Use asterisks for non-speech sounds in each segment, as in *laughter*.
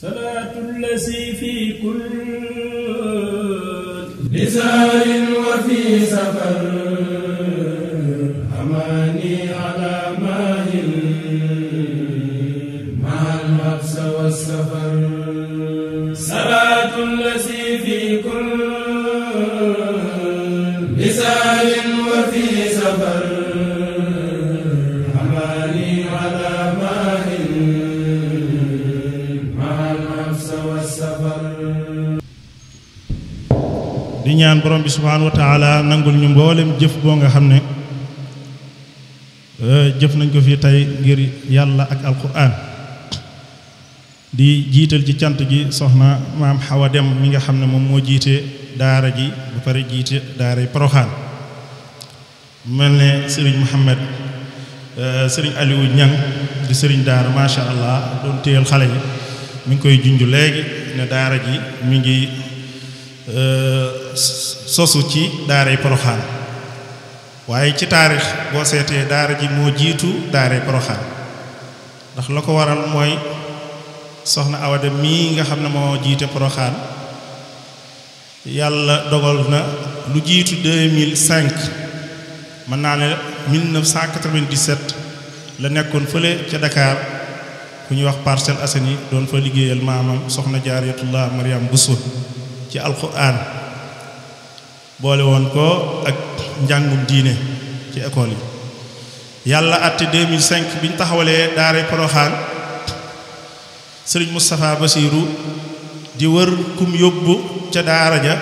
salaatu llazi fi kulli zaar wa fi safar ñaan borom bi subhaanahu wa nangul ñu mboolem jëf boo nga xam ne euh, jëf nañ ko fii tey ngir yàlla ak alquran di jiital ci cant ji soxna maam Xawa Dem mi nga xam ne moom moo jiite daara ji ba pare jiite daara yi Poroxaan mel ne sëriñ Muhammad euh, sëriñ Aliou Ñang di sëriñ daara macha allah doon téyel xale yi mi ngi koy junj léegi ne daara ji mi ngi sosu ci daaray poroxaan waaye ci taarix boo seetee daara ji moo jiitu daaray poroxaan ndax la ko waral mooy soxna awada mii nga xam ne moo jiite poroxaan yàlla dogal na lu jiitu 2005 mën naa ne 1997 la nekkoon fële ca Dakar ku ñuy wax Parcelles Assainies doon fa liggéeyal maamam soxna jaariyatullah bu Bousso ci alquran boole woon ko ak njàngum diine ci école yi yàlla atte 2005 bi ñu taxawalee daare poroxaan sëriñ Moustapha Basiiru di wër kum yóbbu ca daara ja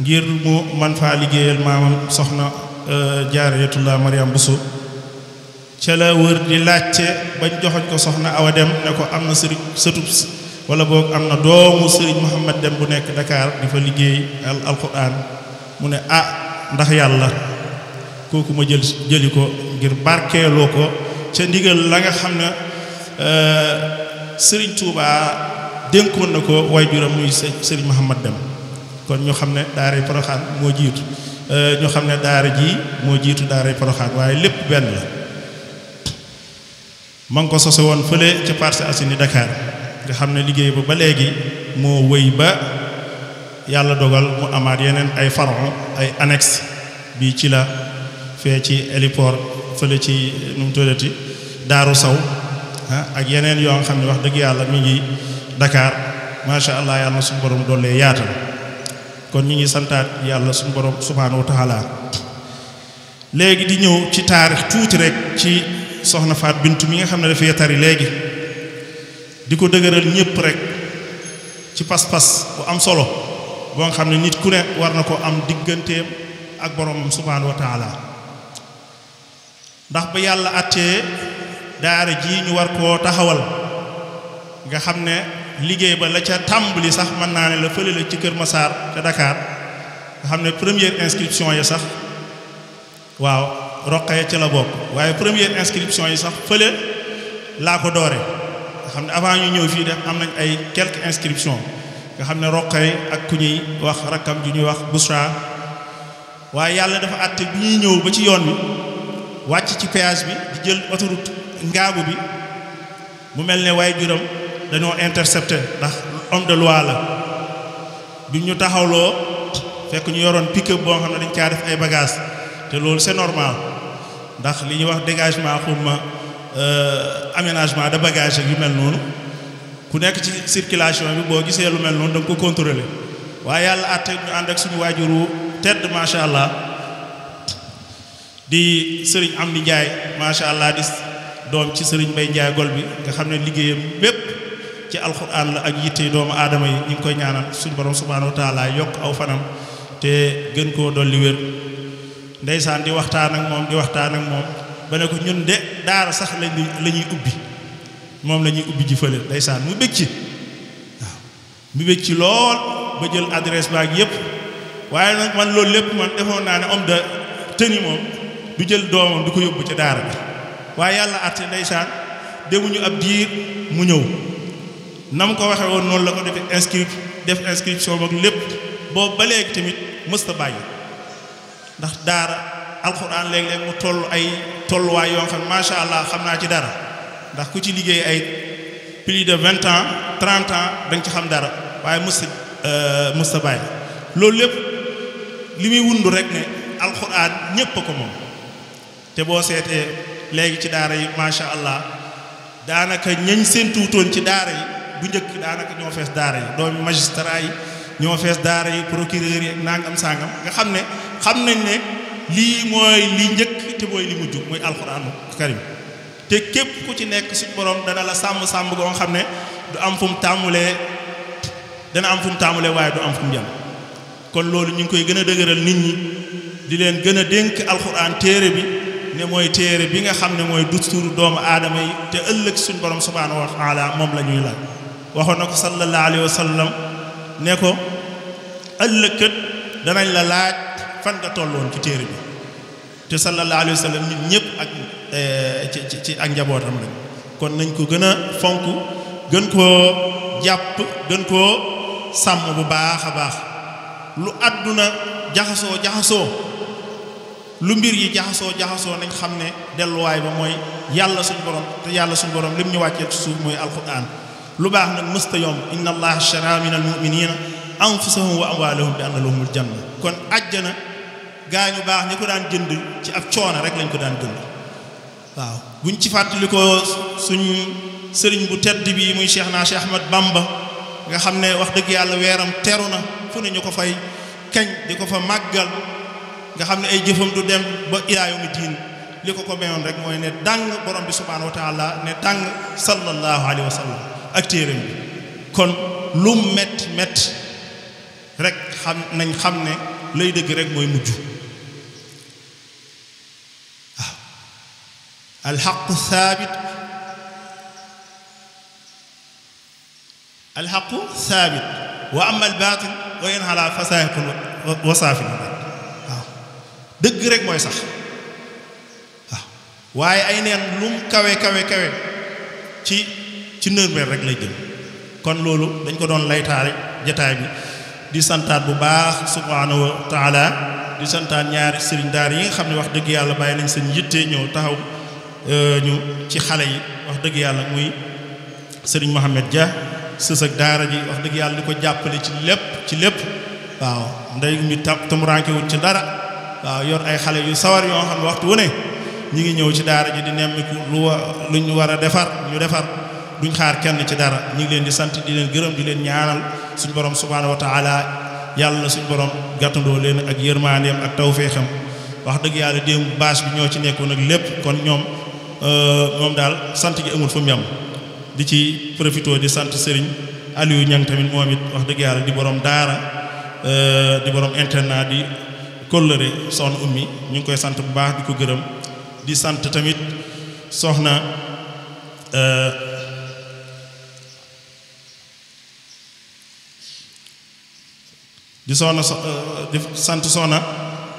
ngir mu man faa liggéeyal maamam soxna euh, jaariyatullah Mariam Bousso ca la wër di laajte bañ joxoñ ko soxna awa ne ko am na sëriñ sëtub wala boog am na doomu Serigne Mouhamed Dem bu nekk dakaar di fa liggéey al alquran mu ne ah ndax yàlla kooku ma jël jëli ko ngir barkeeloo ko ca ndigal la nga xam ne eh, Serigne Touba dénkoon na ko waajuram muy Serigne Mouhamed Dem kon ñu xam ne daaray Poroxaan moo jiitu eh, ñoo xam ne daara ji moo jiitu daaray Poroxaan waaye lépp benn la ma ngi ko sose woon fële ca Parcelles Assainies Dakar. nga xam ne liggéey ba ba léegi moo wéy ba yàlla dogal mu amaat yeneen ay faron ay annexe bi ci la fee ci héliport fële ci nu mu tuddati daaru saw ak yeneen yoo xam ne wax dëgg yàlla mi ngi Dakar macha allah yàlla na suñu borom doole yaatal kon ñu ngi santaat yàlla suñu borom subhaanahu wa taala léegi di ñëw ci taarix tuuti rek ci soxna Faat Bintu mi nga xam ne dafay tari léegi di ko dëgëral ñépp rek ci pas-pas bu am solo boo nga xam ne nit ku ne war na ko am digganteem ak boromam subhaanahu wa taala ndax ba yàlla àttee daara ji ñu war koo taxawal nga xam ne liggéey ba la ca tàmbali sax mën naa ne la fële la ci Kër Massar ca Dakar nga xam ne première inscription yi sax waaw roqee ci la bokk waaye première inscription yi sax fële laa ko doore nga xam ne avant ñu ñëw fii def am nañ ay quelques inscriptions nga xam ne roqee ak ku ñuy wax rakkam ju ñuy wax Bouchra waaye yàlla dafa àtte bi ñuy ñëw ba ci yoon bi wàcc ci péage bi jël autoroute ngaabu bi mu mel ne waaye juram dañoo intercepté ndax homme de loi la bi ñu taxawloo fekk ñu yoroon pick-up boo xam ne dañ caa ay bagages te loolu c'est normal ndax li ñuy wax dégagement xuma Euh, aménagement de bagage ak yu mel noonu ku nekk ci circulation bi boo gisee lu mel noonu da ko contrôler waaye yàlla àtte ñu ànd ak suñu waajuru tedd macha allah di sëriñ Amdi Njaay macha allah di doom ci sëriñ bay Njaay gol bi nga xam ne liggéeyam bépp ci alxuraan la ak yitte doomu aadama yi ñu ngi koy ñaanal suñu borom subhaanahu wa yokk aw fanam te gën koo dolli wér ndeysaan di waxtaan ak moom di waxtaan ak moom ba ne ko ñun de daara sax lañ la ubbi moom lañuy ñuy ubbi ji fële ndeysaan mu bëgg ci waaw mu bëgg ci lool ba jël adresse baak yépp waaye nag man loolu lépp man defoon naa ne om de tenue moom du jël doomam du ko yóbbu ca daara bi waaye yàlla àtte ndeysaan demuñu ab diir mu ñëw na mu ko waxee woon noonu la ko defee inscrit def inscription ak lépp boobu ba léegi tamit mësta bàyyi ndax daara alxuraan léeg-léeg mu toll ay tolluwaay yoo xam ne macha allah xam naa ci dara ndax ku ci liggéey ay plus de vingt ans trente ans da ci xam dara waaye mës mës bàyyi loolu lépp li muy wundu rek ne alxuraan ñépp a ko moom te boo seetee léegi ci daara yi macha allah daanaka ñañ seen tuutoon ci daara yi bu njëkk daanaka ñoo fees daara yi doomi magistrat yi ñoo fees daara yi procureur yi nangam sangam nga xam ne xam nañ ne. lii mooy li njëkk te mooy li mujj muy alxuraanu karim te képp ku ci nekk suñu borom dana la sàmm sàmm goo xam ne du am fu mu tàmmulee dana am fu mu tàmmulee waaye du am fu mu kon loolu ñu ngi koy gën a dëgëral nit ñi di leen gën a dénk alxuraan téere bi ne mooy téere bi nga xam ne mooy dusturu doomu aadama yi te ëllëg suñu borom subhaanahu wa taala moom la ñuy laaj waxoon na ko sallallahu alayhi ne ko ëllëg kat danañ la laaj. fan nga tolloon ci téere bi te sallallahu alayhi wa sallam ñëpp ak eh, ci ci ak njabootam lañ kon nañ ko gën a fonk gën koo jàpp gën koo sàmm bu baax a baax lu àdduna jaxasoo jaxasoo lu mbir yi jaxasoo jaxasoo nañ xam ne delluwaay ba mooy yàlla suñu borom te yàlla suñu borom lim ñu wàccee ci suuf mooy alquran lu baax nag mësta yomb inna allaha shara min almuminina anfusahum wa amwalahum bi anna lahumul janna kon àjjana gaa ñu baax ñi ko daan jënd ci ab coono rek lañ ko daan jënd waaw buñ ci fàttalikoo suñu suñ sëriñ bu tedd bi muy Cheikh naa Cheikh Ahmad bàmba nga xam ne wax dëgg yàlla weeram teru na fu ne ñu ko fay kañ di ko fa màggal nga xam ne ay jëfam du dem ba ilaa yawmi diin li ko ko mayoon rek mooy ne dàng borom bi subhaanahu wa taala ne dàng sallallahu alayhi wa ak téeram bi kon lum métti métti rek xam nañ xam ne lay dëgg rek mooy mujj alxaqu saabit alxaqu saabit wa am albaatil wa yanhala fasaahiqun wa saafin waaw dëgg rek mooy sax waaye ay neen lum kawe kawe kawe ci ci nërmeel rek lay jëm kon loolu dañ ko doon laytaare jataay bi di santaat bu baax subhaanahu wa taala di santaat ñaari sëriñ daar yi nga xam ne wax dëgg yàlla bàyyi nañ seen yitte ñëw taxaw Euh, ñu ci xale yi wax dëgg yàlla muy sëriñ Mohamed Dia sës ak ji wax dëgg yàlla di ko jàppale ci lépp ci lépp waaw ndey mi tam tumurankewut ci dara waaw yor ay xale yu sawar yoo xam waxtu wu ne ñu ngi ñëw ci daara ji di nemmiku lu wa luñ war a defar ñu defar duñ xaar kenn ci dara ñu ngi leen di sant di leen gërëm di leen ñaanal suñ borom subhaanahu wa taala yàlla na suñ borom gàttandoo leen ak yërmaandeem ak tawféexam wax dëgg yàlla démb bâche bi ñoo ci nekkoon ak lépp kon ñoom Euh, moom daal sant gi amul fu mu di ci profité di sant sëriñ Aliou Niang tamit moom it wax dëgg yàlla di borom daara euh, di boroom internat di kóllëre soxna ummi ñu ngi koy sant bu baax di ko gërëm di sant tamit soxna euh, di soxna sant soxna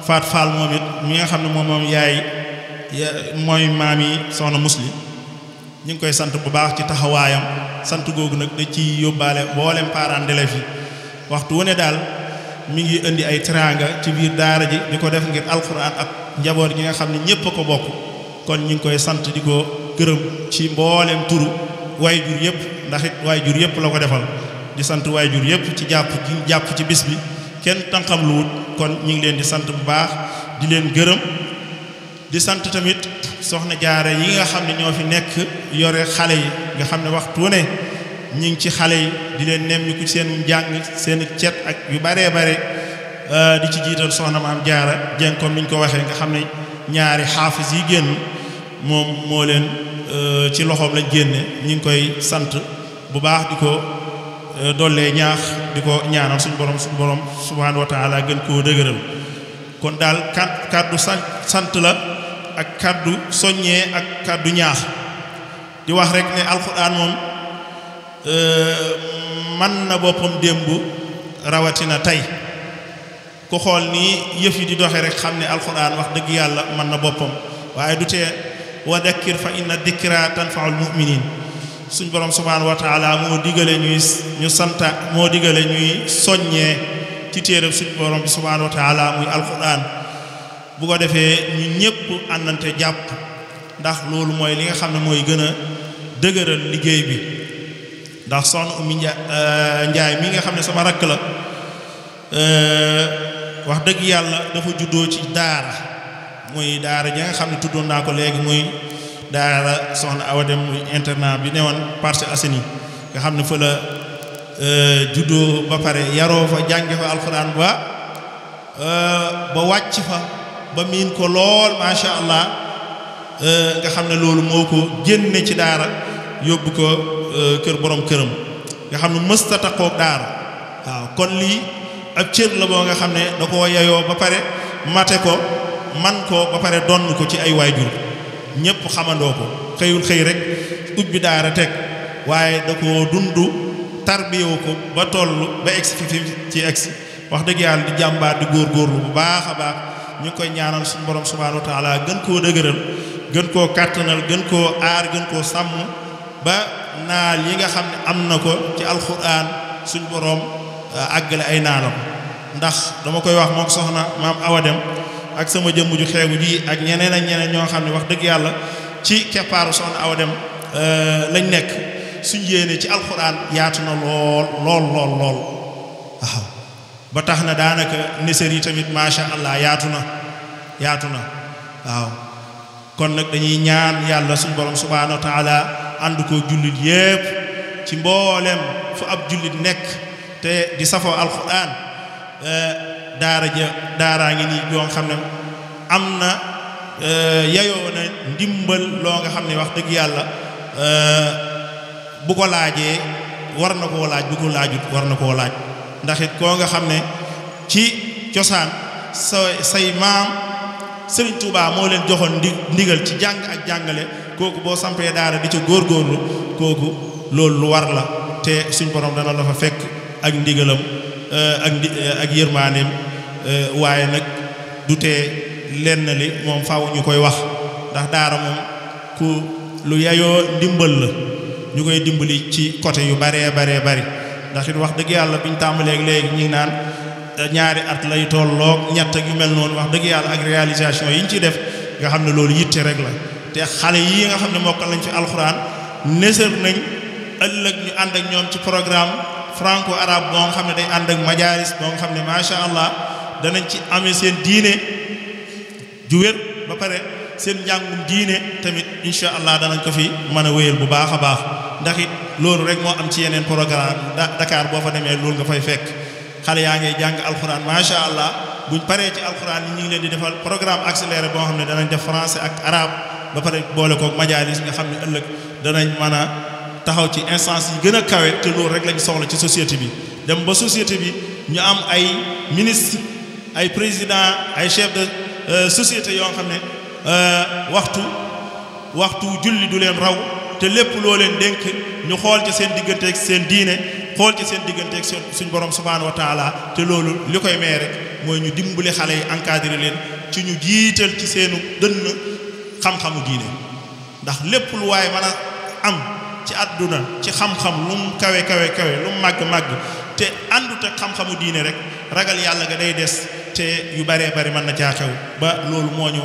Faat Fall moom it mi nga xam ne moom moom yaay mooy maam yi soxna musli ñu ngi koy sant bu baax ci taxawaayam sant googu nag da ci yóbbaale mboolem parents d'élèves yi waxtu wu ne daal mu ngi indi ay teraanga ci biir daara ji di ko def ngir alxuraan ak njaboot gi nga xam ne ñépp a ko bokk kon ñu ngi koy sant di ko gërëm ci mboolem turu waay jur yëpp ndax it waay jur yëpp la ko defal di sant waay jur yëpp ci jàpp ci jàpp ci bis bi kenn tànqam lu kon ñu ngi leen di sant bu baax di leen gërëm di sant tamit soxna jaare yi nga xam ne ñoo fi nekk yore xale yi nga xam ne waxtu ne ñi ngi ci xale yi di leen nemmiku seen njàng seen cet ak yu baree bare euh, di ci jiital soxna maam jaara jeng comme niñ ko waxee nga xam ne ñaari xaafis yi génn moom moo leen euh, ci loxoom lañ génne ñi ngi koy sant bu baax di ko euh, dollee ñaax di ko ñaanal suñ borom suñu borom subhaanahu wa taala gën koo dëgëral kon daal kàddu sant la ak kàddu soññee ak kàddu ñaax di wax rek ne alxuraan moom euh, man na boppam démb rawatina tey ku xool nii yëf yi di doxe rek xam ne alxuraan wax dëgg yàlla man na boppam waaye du tee wa dakkir fa inna dikra tanfaul muminin suñ borom subhaanahu wa moo digale ñuy ñu santa moo digale ñuy soññee ci téeréb suñ borom bi subhaanahu wa muy alxuraan bu ko defee ñu ñëpp àndante jàpp ndax loolu mooy li nga xam ne mooy gën a dëgëral liggéey bi ndax soxna Oumy Njaay euh, mi nga xam ne sama rakk la euh, wax dëgg yàlla dafa juddoo ci daara muy daara ja nga xam ne tuddoon naa ko léegi muy daara soxna Awa Dem internat bi newoon Parcelles Assainies nga xam ne fa la euh, juddoo ba pare yaroo fa jànge fa alxuraan ba ba wàcc fa ba miin ko lool macha allah euh, nga xam ne loolu moo ko génne ci daara yóbbu ko euh, kër borom këram nga xam ne mësta taqoog daara waaw kon lii ab cër la boo nga xam ne da koo yayoo ba pare mate ko man ko ba pare donn ko ci ay waajur ñëpp xamandoo ko xëyul xëy rek ubbi daara teg waaye da koo dundu tarbiyewu ko ba toll ba egsi fi ci egsi wax dëgg yàlla di jàmbaar di góorgóorlu bu baax baax ñu ngi koy ñaanal suñu borom subhaanahu wa gën koo dëgëral gën koo kàttanal gën koo aar gën koo sàmm ba naal yi nga xam ne am na ko ci alxuraan suñu borom uh, àggale ay naalam ndax dama koy wax moom soxna maam Awa Dem ak sama jëmm ju xeebu ji ak ñeneen ñeneen ñoo xam ne wax dëgg yàlla ci keppaaru soxna Awa Dem uh, lañ nekk suñ yéene ci alxuraan yaatu na lool lool lool ba tax na daanaka niseer yi tamit macha allah yaatu na yaatu na waaw kon nag dañuy ñaan yàlla suñu borom subhaanahu wa ànd koo jullit yépp ci mboolem fu ab jullit nekk te di safoo alquran eh, daara ja daaraa ngi nii yoo xam ne am na eh, yayoo ndimbal loo nga xam ne wax dëgg yàlla eh, bu ko laajee war na koo laaj bu ko laajut war na koo laaj ndaxit it koo nga xam ne ci cosaan sa say maam Serigne Touba moo leen joxoon ndi ndigal ci jàng ak jàngale kooku boo sampee daara di ca góor góorgóorlu kooku loolu lu war la te suñ borom dana la fa fekk ak ndigalam eh, ak ndi eh, yërmaaneem eh, waaye nag du lenn li moom faw ñu koy wax ndax daara moom ku lu yayoo ndimbal la ñu koy dimbali ci côté yu baree baree bari ndax wax dëgg yàlla ñu tàmbalee léegi ñu ngi naan eh, ñaari at lay tolloog ñett ak yu mel noonu wax dëgg yàlla ak réalisation yi ñu ciy def nga xam ne loolu yitte rek la te xale yi nga xam ne mokkal nañ fi alxuraan nësër nañ ëllëg ñu ànd ak ñoom ci programme franco arabe boo nga xam ne day ànd ak majalis boo nga xam ne macha allah danañ ci ame seen diine ju wér ba pare seen njàngum diine tamit incha allah danañ ko fi mën a wéyal bu baax a baax ndax loolu rek moo am ci yeneen programme Dakar boo fa demee loolu nga fay fekk xale yaa ngi jàng alxuraan macha allah buñ paree ci alxuraan yi ñu ngi leen di defal programme accéléré boo xam ne danañ def français ak arabe ba pare boole koog majalis nga xam ne ëllëg danañ mën a taxaw ci instance yi gën a kawe te loolu rek lañ soxla ci société bi dem ba société bi ñu am ay ministre ay président ay chef de euh, société yoo xam ne euh, waxtu waxtu julli du leen raw te lépp loo leen dénk ñu xool ci seen diggante ak seen diine xool ci seen diggante ak seen suñ borom subhaanahu wa taala te loolu li koy may rek mooy ñu dimbali xale yi encadré leen ci ñu jiital ci seenu dënn xam-xamu diine ndax lépp lu waaye mën a am ci àdduna ci xam-xam lu kawe kawe kawe lu mu màgg-màgg te àndut ak xam-xamu diine rek ragal yàlla nga day des te yu baree bari mën na caa xew ba loolu moo ñu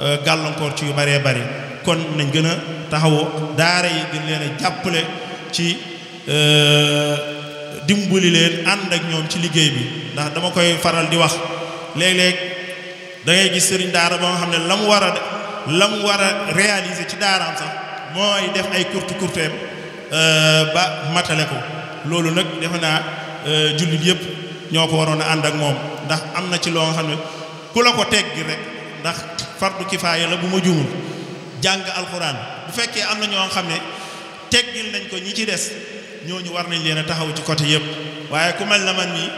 euh, gàllankoor ci yu baree bari kon nañ gën taxawu daara yi gën leen jàppale ci euh, dimbali leen ànd ak ñoom ci liggéey bi ndax dama koy faral di wax léeg-léeg da ngay gis sëriñ daara ba nga xam ne la mu war a la mu war a réaliser ci daaraam sax mooy def ay kurtu kurteem euh, ba matale ko loolu nag defe naa euh, jullit yëpp ñoo ko waroon a ànd ak moom ndax am na ci loo nga xam ne ku la ko tegg rek ndax fardu kifaaya la bu ma juumul jàng alxuraan bu fekkee am na ñoo xam ne teggil nañ ko ñi ci des ñooñu war nañ leen a taxaw ci côté yëpp waaye ku mel na man ni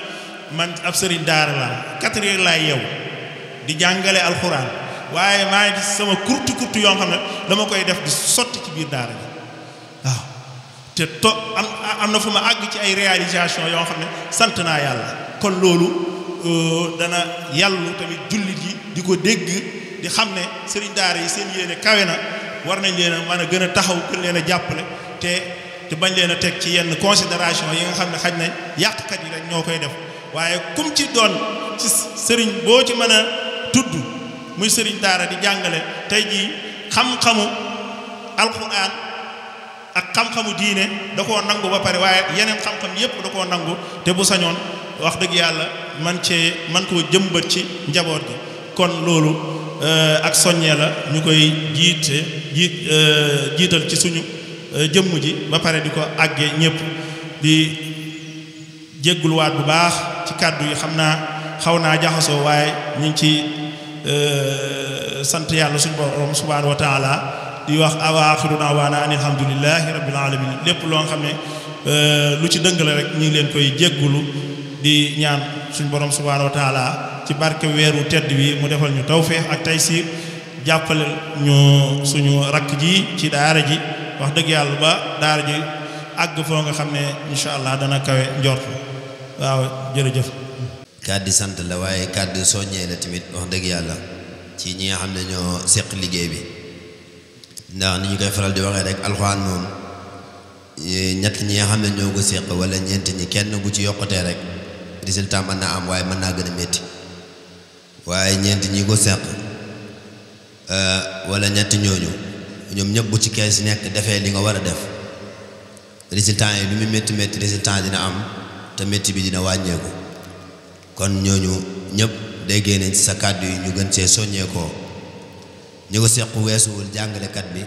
man ab sëriñ daara la quatre heures laay yow di jàngale alxuraan waaye maa ngi sama kurtu kurtu yoo xam ne dama koy def di sotti ci biir daara bi waaw te to am am na fu ma àgg ci ay réalisation yoo xam ne sant naa yàlla kon loolu euh, dana yàllu tamit jullit yi di ko dégg di xam ne sëriñ daara yi seen yéene kawe na war nañ leen a mën a gën a taxaw gën leen a jàppale te te bañ leen a teg ci yenn considération yi nga xam ne xaj na yàqkat yi rek ñoo koy def waaye kum ci doon ci sëriñ boo ci mën a tudd muy sëriñ daara di jàngale tey jii xam-xamu alxuraan ak xam-xamu diine da koo nangu ba pare waaye yeneen xam-xam yépp da koo nangu te bu sañoon wax dëgg yàlla man cee man koo jëmbat ci njaboot gi kon loolu euh, ak soññee la ñu koy jiite jiit euh, jiital ci suñu euh, jëmm ji ba pare di ko àggee ñëpp di waat bu baax ci kàddu yi xam naa xaw naa jaxasoo waaye ñu ngi ci euh, sant yàlla suñu borom subhaanahu wa taala di wax awaaxiru naa waana an alhamdulilahi rabbil alamin lépp loo xam ne lu ci dëng la rek ñu leen koy jéggulu di ñaan suñu borom subhaanahu wa taala ci barke weeru tedd wi mu defal ñu tawfeex ak taysiir jàppale ñu suñu rakk ji ci daara ji wax dëgg yàlla ba daara ji àgg foo nga xam ne incha allah dana kawe njort waaw jërëjëf. kàddi sant la waaye kàddi soññee la tamit wax dëgg yàlla ci ñi nga xam ne ñoo seq liggéey bi ndax ni ñu koy faral di waxee rek alxuraan moom ñett ñi nga xam ne ñoo ko seq wala ñeent ñi kenn bu ci yokkutee rek résultat man naa am waaye mën naa gën a métti waaye ñeent ñi ko seq. Euh, wala ñett ñooñu ñoom ñëpp bu ci si nekk defee li nga war a def résultat yi lu muy métti métti résultat dina am te métti bi dina wàññeeku kon ñooñu ñëpp déggee nañ ci sa kàddu yi ñu gën see soññeekoo ñu ko sequ weesuwul jàngalekat bi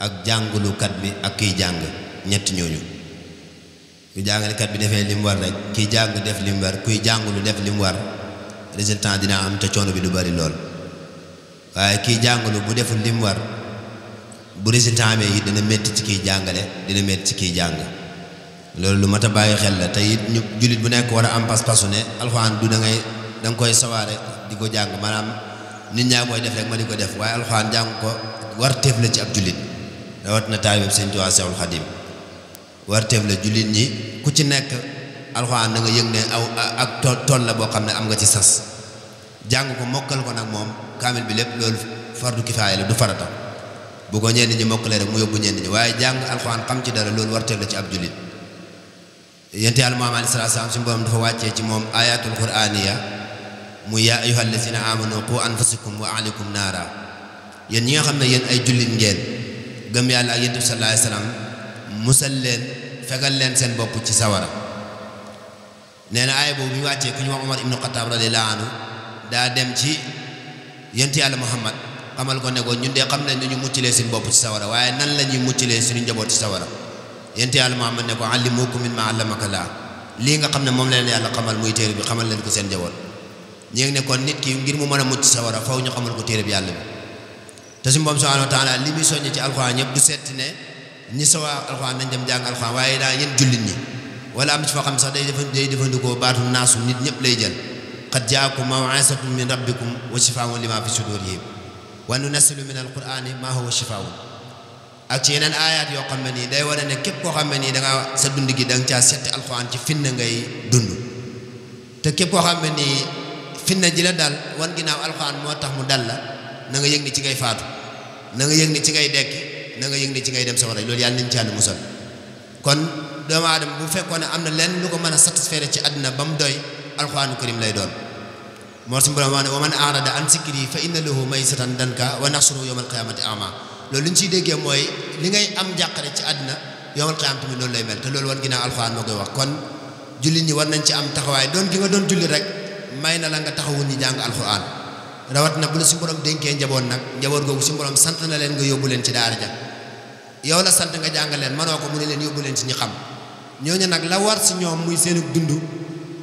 ak jàngulukat bi ak kiy jàng ñetti ñooñu ku jàngalekat bi defee li mu war rek kiy jàng def li mu war kuy jàngulu def li mu war résultat dina am te coono bi du bari lool waaye kii jàngalu bu deful li war bu résultat amee yi dina métti ci kiy jàngale dina métti ci kiy jàng loolu lu mat a bàyyi xel la te it ñu jullit bu nekk war a am pas-pasu ne alxuraan du da ngay koy sawaare di ko jàng maanaam nit ñaa koy def rek ma di ko def waaye alxuraan jàng ko war teef la ci ab jullit rawat na taalibe Sëñ Tuubaa Seexul Xadiim war teef la jullit ñi ku ci nekk alxuraan da nga yëg ne aw ak tool la boo xam ne am nga ci sas jàng ko mokkal ko nag moom kaamil bi lépp loolu fardu kifaaya la du farata bu ko ñenn ñi mokkalee rek mu yóbbu ñenn ñi waaye jàng alxuraan xam ci dara loolu warteef la ci ab jullit yente yàlla moom alayhi salaatu dafa wàccee ci moom ayatul quraaniya mu yaa ayyuhal lazina amanu qu anfusakum wa ahlikum naara yéen ñi nga xam ne yéen ay jullit ngeen gëm yàlla ak yonent bi sallallahu alayhi wasallam musal leen fegal leen seen bopp ci sawara nee na boobu bi wàccee ku ñu wax Omar ibnu Xataab radiyallaahu anhu yent yàlla muhammad xamal ko ne ko ñun dee xam nañ nu ñu muccilee suñu bopp ci sawara waaye nan la ñuy suñu njaboot ci sawara yent yàlla muhammad ne ko allimukum mimma allamaka laa lii nga xam ne moom leen yàlla xamal muy téere bi xamal leen ko seen njaboot ñu ngi ne kon nit ki ngir mu mën a mucc sawara faw ñu xamal ko téere bi yàlla bi te suñu borom subhanahu wa taala li muy soññe ci alxuraan yëpp du setti ne ñi sawa alxuraan nañ dem jàng alxuraan waaye daa yéen jullit ñi wala am ci foo xam sax day day jëfandikoo baatu naasu nit ñëpp lay jël qad jaakum maw'izatun min rabbikum wa shifaa'un lima fi sudurihim wa nunazzilu min alqur'ani ma huwa shifaa'un ak ci yeneen aayaat yoo xam ne nii day wane ne képp koo xam ne nii da nga dund gi da nga caa setti alxuraan ci finna ngay dund te képp koo xam ne nii finna ji la dal ginnaaw alxuraan moo tax mu dal la na nga yëg ci ngay faatu na nga ci ngay dekki na nga yëg ci ngay dem sawara loolu yàlla nañ ci yàlla musal kon doomu aadama bu fekkoon ne am na leen lu ko mën a satisfaire ci àddina ba mu doy alxuraanu karim lay doon moo suñu borom wax ne wa man arada an sikri fa inna lahu maysatan danka wa nasru yawmal qiyamati ama loolu li ñu ciy déggee mooy li ngay am njàqare ci àddina yawmal qiyamati mi loolu lay mel te loolu wan ginnaaw alxuraan moo koy wax kon jullit ñi war nañ ci am taxawaay doon gi nga doon julli rek may na la nga taxawu ñi jàng alxuraan rawat na bu la suñu borom dénkee njaboot nag njaboot googu suñu borom sant na leen nga yóbbu leen ci daara ja yow la sant nga jàng leen mënoo ko mu ne leen leen ci xam ñooñu nag la war si ñoom muy seenu dund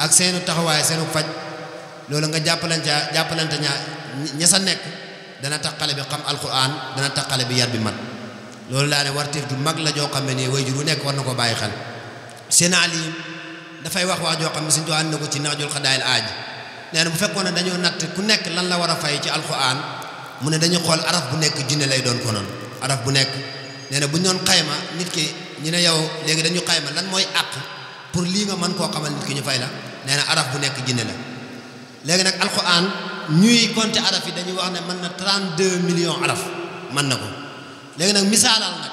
ak taxawaay seenu faj loolu nga jàppalante jàppalante ña ña sa nekk dana tax xale bi xam alquran dana tax xale bi yar bi mat loolu laa ne warteef du mag la joo xam ne nii wayjur wu nekk war na ko bàyyi xel seen alim dafay wax wax joo xam ne suñu too ànd na ko ci naajul xadaayil aaj nee na bu fekkoon ne dañoo natt ku nekk lan la war a fay ci alquran mu ne dañu xool araf bu nekk junne lay doon konoon araf bu nekk nee na bu ñu doon xayma nit ki ñu ne yow léegi dañu xayma lan mooy àq pour lii nga mën koo xamal nit ki ñu fay la nee na araf bu nekk junne la léegi nag alxuraan ñuy compter araf yi dañuy wax ne mën na 32 millions araf mën na ko léegi nag misaalal nag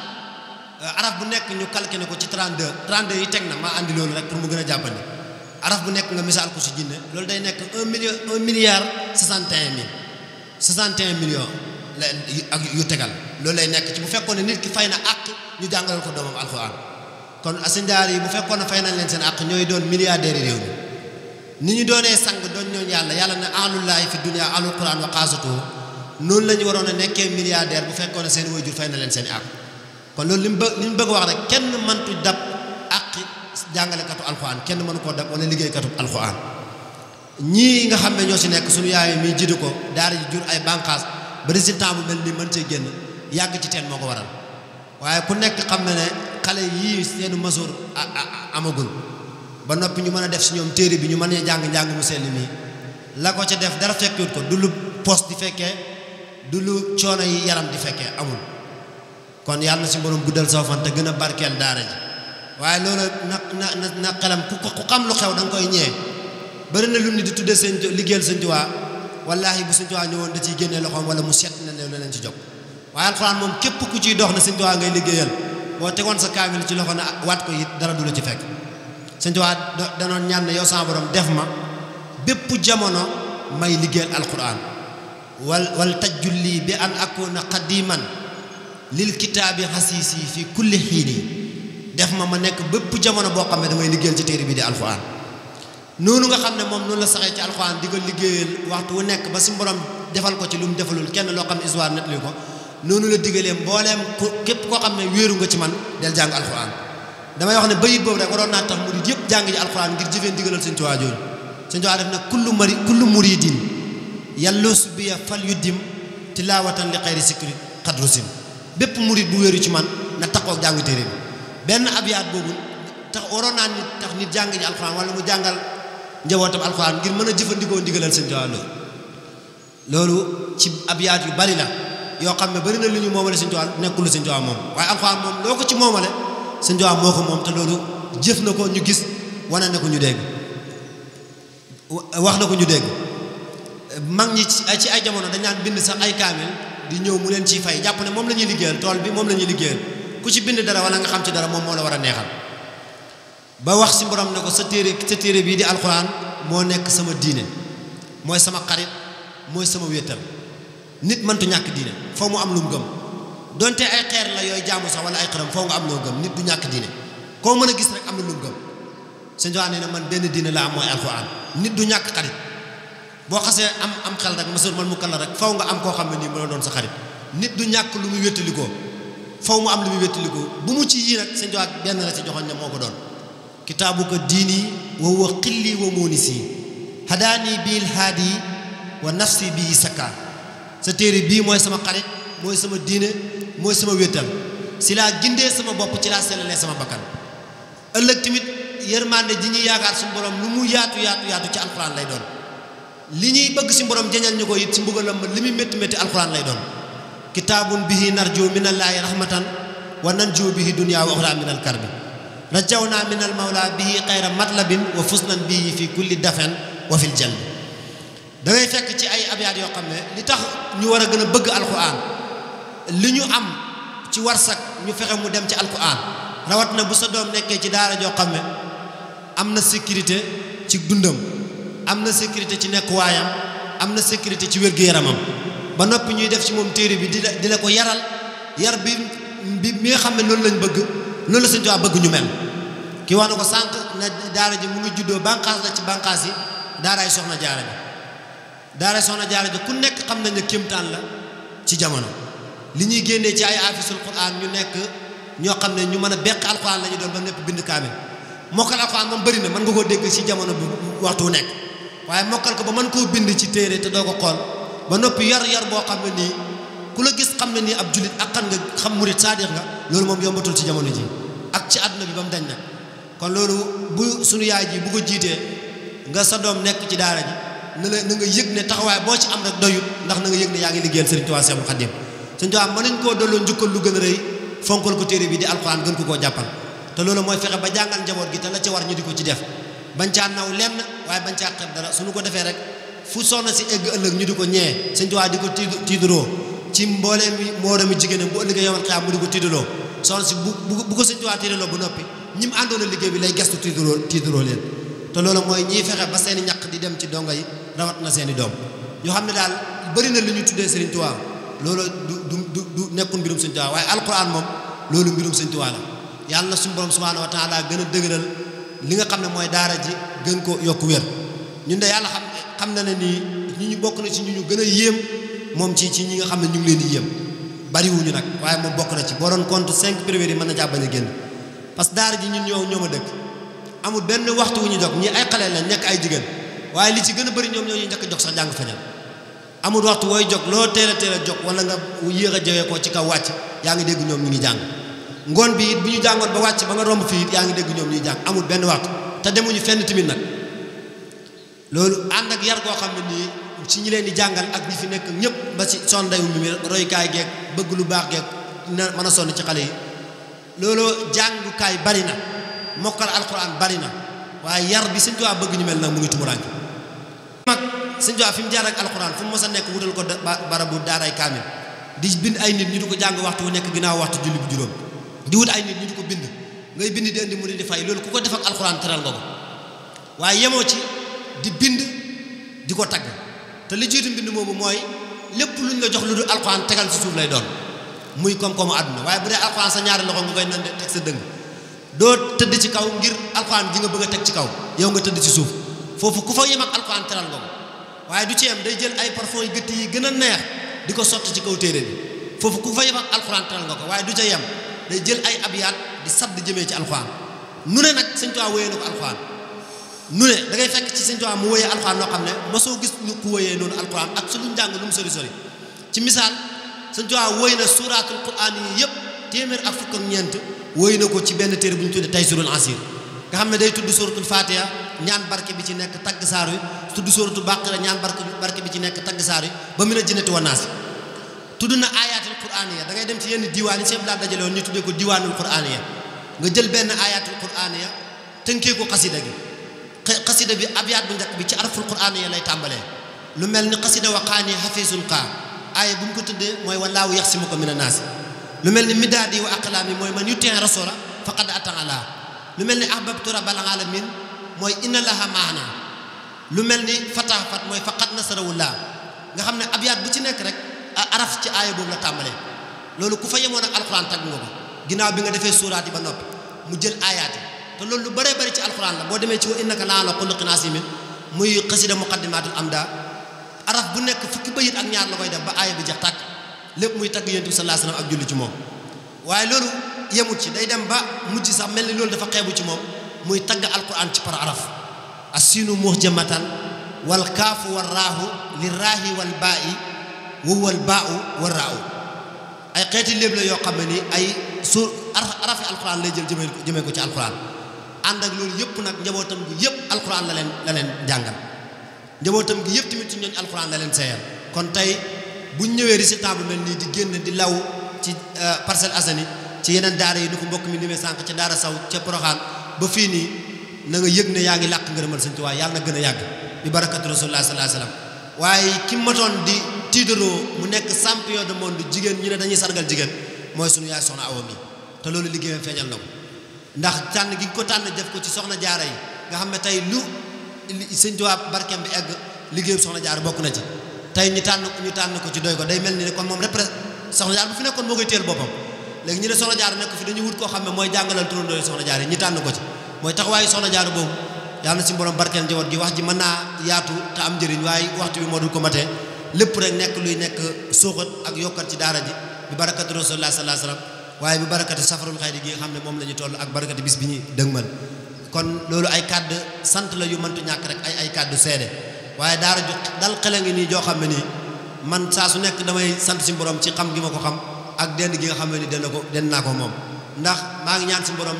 euh, araf bu nekk ñu calculer ko ci 32 32 yi teg na maa andi loolu rek pour mu gën a jàppandi araf bu nekk nga misaal ko si jinne loolu day nekk 1 million 1 milliard 61 mille 61 millions la ak yu tegal loolu day nekk ci bu fekkoon ne nit ki fay na àq ñu jàngalal ko doomam alxuraan kon asanjaar yi bu fekkoon ne fay nañ leen seen àq ñooy doon milliardaires yi réew mi ni ñu doonee sang doon ñooñu yàlla yàlla ne ahlullaahi fi dunya ahlul quran wa qaasatuhu noonu la ñu waroon a nekkee milliardaire bu fekkoon ne seen waajur fay na leen seen i àq kon loolu li mu bë li mu bëgg wax rek kenn mëntu dab àqi jàngalekatu alquran kenn mënu koo dab wala liggéeykatu alquran ñii nga xam ne ñoo si nekk suñu yaay mi jiitu ko daara ji jur ay bànqaas ba résultat bu mel ni mën cee génn yàgg ci teen moo ko waral waaye ku nekk xam ne ne xale yii seenu masoor amagul ba noppi ñu mën a def si ñoom téere bi ñu mën a jàng njàng mu sell mii la ko ca def dara fekkiwut ko du lu post di fekkee du lu coono yi yaram di fekkee amul kon yàlla na si borom guddal sa fan te gën a barkeel daara ji waaye loolu na na na xelam ku xam lu xew da koy ñee bëri na lu nit di tudde seen liggéeyal seen tuwaa wallaahi bu seen tuwaa ñëwoon da ciy génnee loxoom wala mu set na ne leneen ci jóg waaye alxuraan moom képp ku ciy dox na seen tuwaa ngay liggéeyal boo tegoon sa kaamil ci loxo na waat ko it dara du la ci fekk sëñ Tuubaa danoon ñaan ne yow sama def ma bépp jamono may liggéeyal alquran wal wal tajulli bi an ak akuna qadiman lil kitaabi xasiisi fi kulli xiini def ma ma nekk bépp jamono boo xam ne damay liggéeyal ci téere bi di alquran noonu nga xam ne moom noonu la saxee ci alxuraan di ko liggéeyal waxtu wu nekk ba suñu borom defal ko ci lu mu defalul kenn loo xam ne histoire nettali ko noonu la diggalee mbooleem ku képp koo xam ne wéeru nga ci man del jàng damay wax ne bayit boobu rek waroon naa tax murid yëpp jàng ji alxuraan ngir jëfee ndigalal sëñ Tuubaa jooju sëñ Tuubaa def na kullu mari kullu muridin yallus biya fal yuddim tilaawatan li xayri sikri xadru sin bépp murid bu wéeru ci man na tax taxoo jàng téere bi benn abiyaat boobu tax waroon naa nit tax nit jàng ji alxuraan wala mu jàngal njabootam alxuraan ngir mën a jëfandikoo ndigalal sëñ Tuubaa loolu loolu ci abiyaat yu bari la yoo xam ne bari na lu ñu moomale sëñ Tuubaa nekkul sëñ Tuubaa moom waaye Sëñ Tuubaa moo ko moom te loolu jëf na ko ñu gis wane na ko ñu dégg wax na ko ñu dégg mag ñi ci ay jamono dañ naan bind sax ay kaamil di ñëw mu leen ciy fay jàpp ne moom la ñuy liggéeyal tool bi moom lañuy ñuy liggéeyal ku ci bind dara wala nga xam ci dara moom moo la war a neexal ba wax si borom ne ko sa téere sa téere bii di alxuraan moo nekk sama diine mooy sama xarit mooy sama wéetal nit mëntu ñàkk diine foo mu am lu mu gëm donte ay xeer la yooyu jaamu sax wala ay xaram foo nga am loo gëm nit du ñàkk diine koo mën a gis rek am na lu mu gëm sëñ nee na man benn diine la am mooy alxuraan nit du ñàkk xarit boo xasee am am xel rek masul man mu kala rek faw nga am koo xam ne nii mën a doon sa xarit nit du ñàkk lu muy wéttalikoo faw mu am lu muy wéttalikoo bu mu ci yii nag sëñ benn la ci joxoon moo ko doon kitaabu ko diini wa huwa xilli wa moonisi hadaani bil wa nafsi bii sakka sa téere bii mooy sama xarit mooy sama diine mooy sama wéttal si laa gindee sama bopp ci laa sellalee sama bakkan ëllëg tamit yërmande ji ñuy yaakaar suñu borom lu mu yaatu yaatu yaatu ci alxuraan lay doon li ñuy bëgg si borom jañal ñu ko it si mbugalam li muy métti métti alxuraan lay doon kitaabun bihi narju minallaahi rahmatan wa nanju bihi dunya wa uxra min alkarbi rajawnaa min almawla bihi xayra matlabin wa fusnan bihi fi kulli dafen wa fil jann da ngay fekk ci ay abyaat yoo xam ne li tax ñu war a gën a bëgg alxuraan li ñu am ci warsak ñu fexe mu dem ci alquran rawat na bu sa doom nekkee ci daara joo xam ne am na sécurité ci dundam am na sécurité ci nekk nekkuwaayam am na sécurité ci wér-gu-yaramam ba noppi ñuy def ci moom téere bi di la di la ko yaral yar bi bi mi nga xam ne loolu lañ bëgg loolu la sëñ Tuubaa bëgguñu ñu mel ki wax na ko sànq na daara ji mu ngi juddoo bànqaas la ci bànqaas yi daaraay soxna jaara ji daaraay soxna jaara ji ku nekk xam nañ ne kéemtaan la ci jamono li ñuy génnee ci ay afisul quran ñu nekk ñoo xam ne ñu mën a bekk alquran la ñu doon ba nepp bind kaamil mokkal alquran moom bari na mën nga koo dégg ci jamono bi waxtu wu nekk waaye mokkal ko ba man koo bind ci téere te doo ko xool ba noppi yar yar boo xam ne nii ku la gis xam ne nii ab julit ak xam nga xam murit saadix nga loolu moom yombatul ci jamono ji ak ci àdduna bi ba mu dañ na kon loolu bu sunu yaay ji bu ko jiitee nga sa doom nekk ci daara ji n na nga boo ci am rek ndax na nga yëg ne yaa ngi liggéeyal Sëriñ Tuubaa Seexul Xadiim suñ tubaab mën nañ ko delloo njukkal lu gën a rëy fonkal ko téere bi di alxuraan gën ko koo jàppal te loolu mooy fexe ba jàngal njaboot gi te la ci war ñu di ko ci def bañ caa naw lenn waaye bañ caa xeeb dara suñu ko defee rek fu soxna si egg ëllëg ñu di ko ñee suñ tubaab di ko tiiduroo ci mboolee mi moromi jigéenam bu ëllëgee yomal xiyaam mu di ko tiiduloo soxna si bu bu ko suñ tubaab tiiduloo bu noppi ñi mu àndoon a liggéey bi lay gestu tiiduroo tiiduroo leen te loolu mooy ñiy fexe ba seeni ñaq di dem ci dongo yi rawat na seeni doom yoo xam ne daal bëri na li ñu tuddee Serigne Touba loolu du du du nekkul mbirum sëñ Tuubaa waaye alquran moom loolu mbirum sëñ Tuubaa la yàlla na suñu borom subhaanahu wa taala gën a dëgëral li nga xam ne mooy daara ji gën ko yokk wér ñun de yàlla xam xam na ne nii ñi ñu bokk na ci ñu ñu gën a yéem moom ci ci ñi nga xam ne ñu ngi leen di yéem bariwuñu nag waaye moom bokk na ci boo doon compte cinq privé yi mën na caa bañ a génn parce que daara ji ñun ñoo ñoo ma dëkk amul benn waxtu wu ñu jog ñi ay xale la nekk ay jigéen waaye li ci gën a bëri ñoom ñoo ñu jox sax jàng amul waxtu wooy jog loo teel a teel a jog wala nga yéex a jawee koo ci kaw wàcc yaa ngi dégg ñoom ñu ngi jàng ngoon bi it bi ñu jàngoon ba wàcc ba nga romb fii it yaa ngi dégg ñoom ñuy jàng amul benn waxtu te demuñu fenn timit nag loolu ànd ak yar koo xam ne nii ci ñi leen di jàngal ak ñi fi nekk ñëpp ba ci son dayu mi roykaay geeg bëgg lu baax geeg na mën a sonn ci xale yi looloo jàngukaay bari na mokkal alquran bari na waaye yar bi sëñ Tuubaa bëgg ñu mel nag mu ngi tumuraanke sëñ Tuubaa fi mu jaar ak alxuraan fu mu mos a nekk wutal ko barabu daaray kaamil di bind ay nit ñu di ko jàng waxtu wu nekk ginnaaw waxtu julli bu juróom di wut ay nit ñu di ko bind ngay bind di indi mu di fay loolu ku ko def ak alxuraan teral nga ko waaye yemoo di bind di ko tagg te li jiitu mbind moomu mooy lépp luñ la jox lu dul alxuraan tegal ci suuf lay doon muy koom-koomu àdduna waaye bu dee alxuraan sa ñaari loxo nga koy nan teg sa dëng doo tëdd ci kaw ngir alxuraan ji nga bëgg teg ci kaw yow nga tëdd ci suuf foofu ku fa yem alxuraan teral waaye du ci am day jël ay parfum yi gëtt yi gën a neex di ko sotti ci kaw téere bi foofu ku fa yem ak alxuraan teral nga ko waaye du ca yem day jël ay abyaat di sadd jëmee ci alxuraan nu ne nag sëñ Tuubaa wéyee na ko alxuraan nu ne da ngay fekk ci sëñ Tuubaa mu wéyee alxuraan loo xam ne soo gis ñu ku wéyee noonu alxuraan ak suñu njàng lu mu sori sori ci misaal sëñ Tuubaa wéy na suuratul quraan yi yëpp téeméer ak fukk ak ñeent wéy na ko ci benn téer bu ñu tuddee Taysiirul Asiir nga xam ne day tudd suratul fatiha ñaan barke bi ci nekk tagg saar wi tudd suratul baqara ñaan barke barke bi ci nekk tagg saar wi ba mu ne jinnati wa naas tudd na ayatul quraniya da ngay dem ci yenn diwaan yi Cheikh laa dajale woon ñu tuddee ko diwaanul quraniya nga jël benn ayatul quraniya tënkee ko xasida gi xasida bi abyaat bu njëkk bi ci araful quraniya lay tàmbalee lu mel ni xasida wa qaani hafisun qaa aaya bu mu ko tëddee mooy wallaahu yaxsimuka mina naas lu mel ni midaadi wa aqlaami mooy man yutin rasula faqad ataa Allah lu mel ni ba ahbabtu rabbal alamin mooy inna laha maana lu mel ni fatafat mooy fa faqat nasarawullah nga xam ne abyaat bu ci nekk rek a araf ci aaya boobu la tàmbalee loolu ku fa yemoon ak alxuraan tagg nga ko ginnaaw bi nga defee suuraat yi ba nopp mu jël aayaat yi te loolu lu bare bëri ci alxuraan la boo demee ci wa innaka la ala xuluqin azimin muy xasida am amda araf bu nekk fukki bayit ak ñaar la koy def ba aaya bi jeex tàkk lépp muy tagg yonent bi sallallahu alayhi wasallam ak julli ci moom yemut ci day dem ba mujj sax mel ni loolu dafa xeebu ci moom muy tagg alquran ci par araf assinu muhjamatan wal kaafu wal raahu li raahi wal baa'i wal baa'u wal raa'u ay xeeti léeb la yoo xam ne ni ay suur arafi alquran lay jël jëmee jëmee ko ci alquran ànd ak loolu yëpp nag njabootam gi yëpp alquran la leen la leen jàngal njabootam gi yëpp tamit ci ñooñ la leen seeyal kon tey buñ ñëwee résultat bu mel nii di génn di law ci euh, Parcelles Assainies ci yeneen daara yi ni ko mbokk mi limee sànq ca daara saw ca Poroxaan ba fii nii na nga yëg ne yaa ngi làq ngërëmal Sëñ yàlla na gën a yàgg bi barakatu rasulullah sallallahu alayhi wasallam waaye ki matoon di tiidaroo mu nekk champion du monde jigéen ñu ne dañuy sargal jigéen mooy sunu yaay soxna Awa mi te loolu liggéeyam feeñal na ko ndax tànn gi nga ko tànn def ko ci soxna jaara yi nga xam ne tey lu Sëñ Tuubaa barkeem bi egg liggéeyam soxna jaara bokk na ci tey ñu tànn ñu tànn ko ko day mel ni ne léegi ñu ne soxna jaar nekk fi dañuy wut koo xam ne mooy jàngalal turandoo yi soxna jaar yi ñi tànn ko ci mooy taxawaayu soxna jaar boobu yàlla na si barkeel njaboot gi wax ji mën naa yaatu te am njëriñ waaye waxtu bi moo dul ko matee lépp rek nekk luy nekk suuxat ak yokkat ci daara ji bi barakatu rasulullah la alayhi wasallam waaye bi barakatu safarul xayri gi nga xam ne moom la ñu toll ak barakatu bis bi ñuy dëgmal kon loolu ay kàddu sant la yu mëntu ñàkk rek ay ay kàddu seede waaye daara ju dal xele ngi nii joo xam ne nii man saa su nekk damay sant si ci xam gi ko xam ak dend gi nga xam ne dend ko dend naa ko moom ndax maa ngi ñaan si borom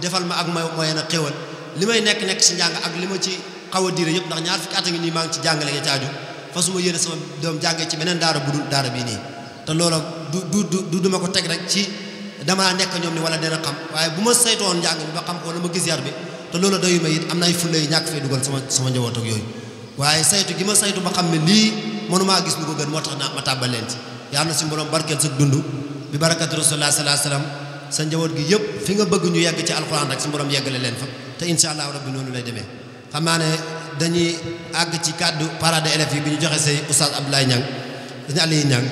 defal ma ak ma mooy na xéwal li may nekk nekk si njàng ak li ma ci xaw a diire yëpp ndax ñaar fukki at a ngi nii maa ngi ci jàngale ya caaju ma yéene sama doom jàngee ci beneen daara bu dul daara bii te loola du du du ma ko teg rek ci damaa nekk ñoom ni wala dina xam waaye bu ma saytoon njàng bi ba xam ko la ma gis yar bi te loola doyu ma am na ay fulla yu ñàkk fee dugal sama sama njaboot ak yooyu waaye saytu gi ma saytu ba xam ne lii mënumaa gis lu ko gën moo tax na ma tàbbal leen ci yàlla na suñu borom barkeel sag dund bi barakatu rasulullah sallallahu alayhi wasallam sa njaboot gi yëpp fi nga bëgg ñu yegg ci alquran rek suñu borom yeggale leen fa te incha allah rabbi noonu lay demee xam naa ne dañuy àgg ci kàddu parade élèves yi bi ñu joxe say oustaz Abdoulaye Niang dañu yi Niang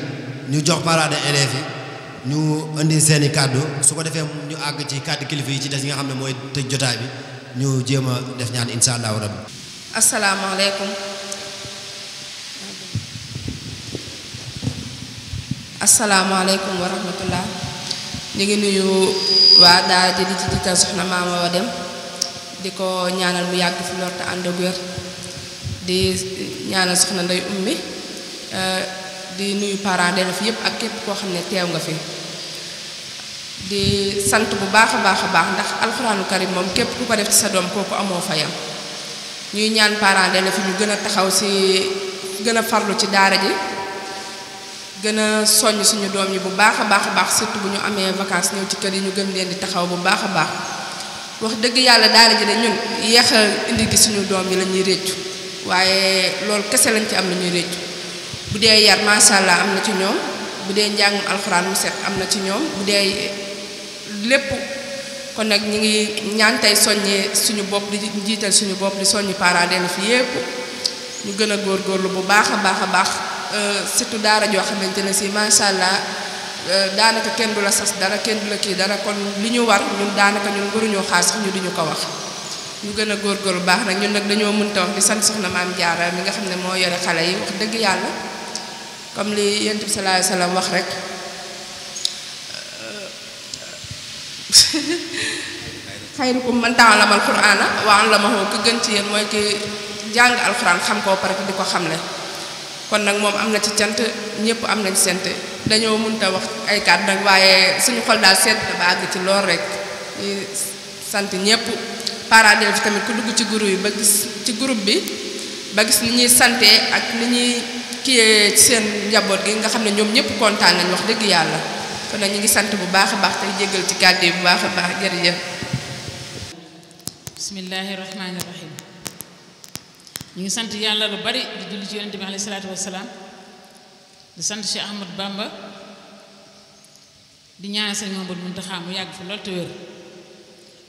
ñu jox parade élèves yi ñu indi seeni i kàddu su ko defee ñu àgg ci kàddu kilifa yi ci des yi nga xam ne mooy tëj jotaay bi ñu jéem a def ñaan incha allah rabbi asalaamaaleykum asalaamaaleykum wa rahmatullah ñu ngi nuyu waa daara ji di jiital soxna Maama Awa Deme di ko ñaanal bu yàgg fi lool te ànd ak wér di ñaanal soxna Ndey Ummi eh, di nuyu parents d'élèves yëpp ak képp koo xam ne teew nga fi di sant bu baax a baax a baax ndax alxuraanu karim moom képp ku ko def ci sa doom kooku amoo fayam ñuy ñaan parents d'élèves ñu gën a taxaw ci gën a farlu ci daara ji gën a soññ suñu doom yi bu baax a baax a baax surtout bu ñu amee vacances ñëw ci kër yi ñu gën leen di taxaw bu baax a baax wax dëgg yàlla daara ji de ñun yeex a indi suñu doom yi la ñuy réccu waaye loolu kese lañ ci am na ñuy réccu bu dee yar macha allah am na ci ñoom bu dee njàng alxuraan mu set am na ci ñoom bu dee lépp kon nag ñu ngi ñaan tey soññee suñu bopp di njiital suñu bopp di soññi parents d'élèves yépp ñu gën a góorlu bu baax a baax a baax. Euh, surtout daara joo xamante ne si macha allah euh, daanaka kenn du la sas dara kenn du la kii dara kon li ñu war ñun daanaka ñun waruñoo xaar sax ñu duñu ko wax. ñu gën a góorgóorlu baax nag ñun nag dañoo mënta wax sant soxna maam Jaara mi nga xam ne moo yore xale yi wax dëgg yàlla comme li yent bi sallallahu wax rek. *laughs* xayrukum man ta'allama al-qur'ana wa 'allamahu ku gën ci yéen mooy ki jàng alxuraan xam koo pare di ko xamle. kon nag moom am na ci cant ñëpp am na nañ sant dañoo mënut a wax ay kaat nag waaye suñu xol daal sedd na ba àgg ci lool rek sant ñëpp parents d'élèves tamit ku dugg ci groupe yi ba gis ci groupe bi ba gis ni ñuy sante ak ni ñuy kiyee ci seen njaboot gi nga xam ne ñoom ñëpp kontaan nañ wax dëgg yàlla kon ñu ngi sant bu baax a baax tey jégal ci kàddu yi bu baax a baax jërëjëf bismillahi rahmaani rahim ñu ngi sant yàlla lu bari di julli ci yonente bi alayhi salaatu wasalaam di sant Cheikh Ahmad Bamba di ñaanal sëñ Mamadou Muntaxa mu yàgg fi lool te wér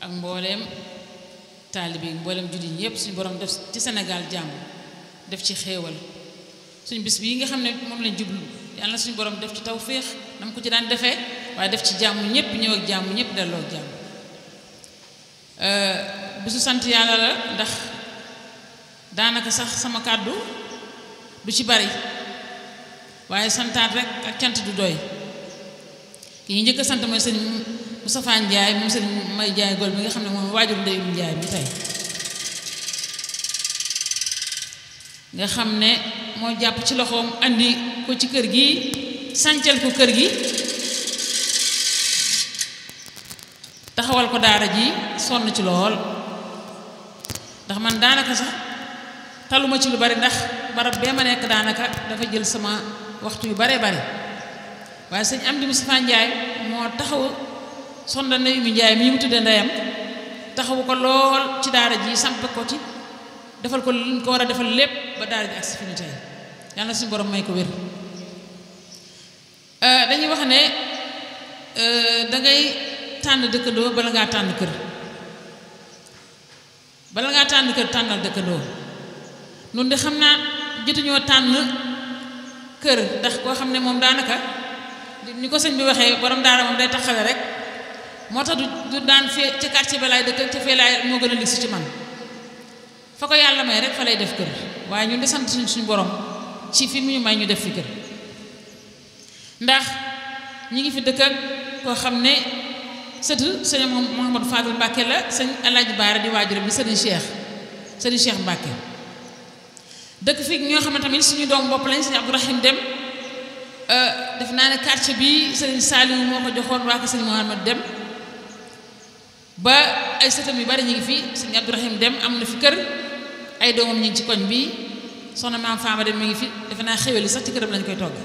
ak mbooleem taalibe yi mbooleem jullit ñëpp suñ borom def ci Sénégal jàmm def ci xéewal suñu bis yi nga xam ne moom lañ jublu yàlla suñu borom def ci taw féex nam ko ci daan defe waaye def ci jàmm ñëpp ñëw ak jàmm ñëpp delloo jàmm euh, bisu sant yàlla la ndax daanaka sax sama kàddu du ci bari waaye santaat rek ak cant du doy ki njëkk sant mooy sëñ Moustapha Ndiaye moom sëñ May Ndiaye Gol bi nga xam ne moom waajur ndeyum Ndiaye bi tey nga xam ne moo jàpp ci loxoom andi ko ci kër gi sancal ko kër gi taxawal ko daara ji sonn ci lool ndax man daanaka sax taluma ci lu bari ndax barab bee ma nekk daanaka dafa jël sama waxtu yu bare bari waaye sëñ Amdi Mustafaa Njaay moo taxaw sonda na Umi Njaay mii mu tudde ndeyam taxawu ko lool ci daara ji samp ko ci defal ko liñ ko war a defal lépp ba daara ji ak si fi yàlla suñu borom may ko wér euh, dañuy wax ne euh, dangay tànn dëkkandoo bala ngaa tànn kër bala ngaa tànn kër tànnal dëkkandoo loolu de xam naa jotuñoo tànn kër ndax koo xam ne moom daanaka ni ko sëñ bi waxee borom daara moom day taxawee rek moo tax du daan fee ci quartier ba laay dëkk ca fee laay moo gën a lis ci man fa yàlla may rek fa lay def kër waaye ñu de sant suñ suñu borom ci fi mu ñu may ñu def fi kër ndax ñi ngi fi dëkk koo xam ne sëtu sëñ Mouhamadou Fadil Mbacke la sëñ Alaaji Baara di waajur bi sëriñ Cheikh sëriñ Cheikh Mbacke dëkk fi ñoo xam ne tamit suñu doom bopp lañ sëñ Abdourahim Dem euh, def naa ne quartier bi sëñ Saliou moo ko joxoon waa ko sëñ Mouhamad Dem ba ay sëtam yu bari ñu ngi fii sëñ Abdourahim Dem am na fi kër ay doomam ñu ngi ci koñ bi soxna maam Faama Dem mi ngi fi defe naa xéwal sax ci këram lañ koy togg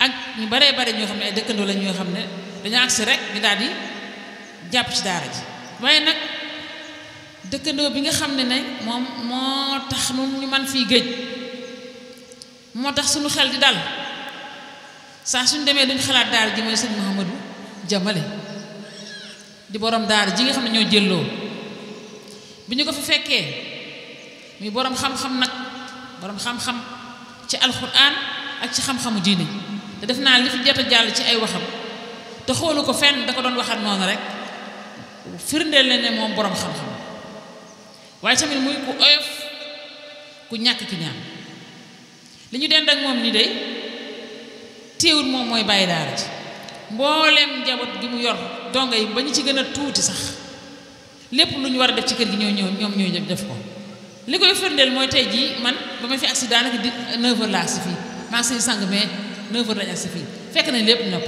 ak ñu baree bare ñoo xam ne ay dëkkandoo lañ ñoo xam ne dañoo agsi rek ñu daal di jàpp ci daara ji waaye nag dëkkandoo bi nga xam ne ne moom moo tax nun ñu man fii géej moo tax suñu xel di dal saa suñu demee duñ xalaat daara ji mooy sëñ Mouhamadou Jamale di borom daara ji nga xam ne ñoo jëloo bi ñu ko fi fekkee muy borom xam-xam nag borom xam-xam ci alxuraan ak ci xam-xamu diine te def naa li fi jot a jàll ci ay waxam te xoolu ko fenn da ko doon waxat noonu rek firndeel na ne moom borom xam-xam waaye tamit muy ku oyof ku ñàkk ci ñaan li ñu dend ak moom ni day téewul moom mooy bàyyi daara ci mbooleem njaboot gi mu yor donga yi ba ñu ci gën a tuuti sax lépp lu ñu war a def ci kër gi ñoo ñëw ñoom ñooy def ko li koy firndeel mooy tey jii man ba ma fi agsi daanaka di 9h laa si fii maa ngi sang mais 9h agsi fii fekk nañ lépp nëpp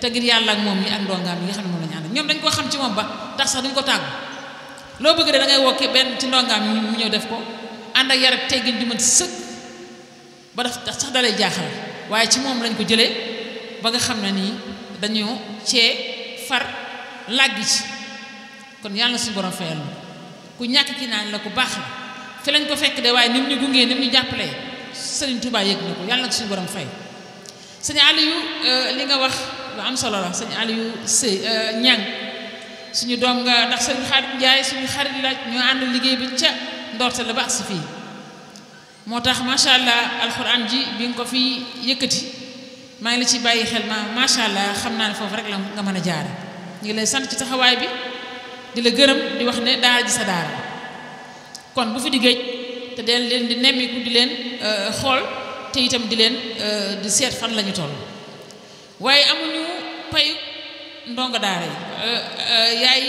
te ngir yàlla ak moom yi ak ndongaam yi nga xam ne moom la ànd ñoom dañ koo xam ci moom ba tax sax duñ ko tàggu loo bëgg de da ngay wokkee benn ci ndongaam mu ñëw def ko ànd ak yar ak teggin ju mat sëkk ba daf sax dalay jaaxal waaye ci moom lañ ko jëlee ba nga xam ne nii dañoo cee far làggi ci kon yàlla na suñu borom fayal ku ñàkk ki naan la ku baax la fi lañ ko fekk de waaye ni mu ñu gungee ni mu ñu jàppalee sëriñ Touba yëg borom fay sëñ euh, li nga wax lu am solo la sëñ Aliou Sey Ñang euh, suñu doom nga ndax sëñ xarit Njaay suñu xarit la ñu ànd liggéey bi ca ndoorte la ba agsi fii moo tax macha allah alxuraan ji bi nga ko fi yëkkati maa ngi la ci bàyyi xel ma macha allah xam naa ne foofu rek la nga mën a jaare ñu ngi lay sant ci taxawaay bi di la gërëm di wax ne daara ji sa daara kon bu fi di géej te deen leen di nemmiku di leen euh, xool te itam di leen euh, di seet fan la ñu toll waaye amuñu payu ndongo daara yi euh, euh, yaay